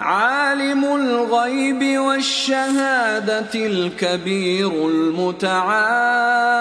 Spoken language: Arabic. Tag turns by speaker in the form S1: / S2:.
S1: عالم الغيب والشهادة الكبير المتعال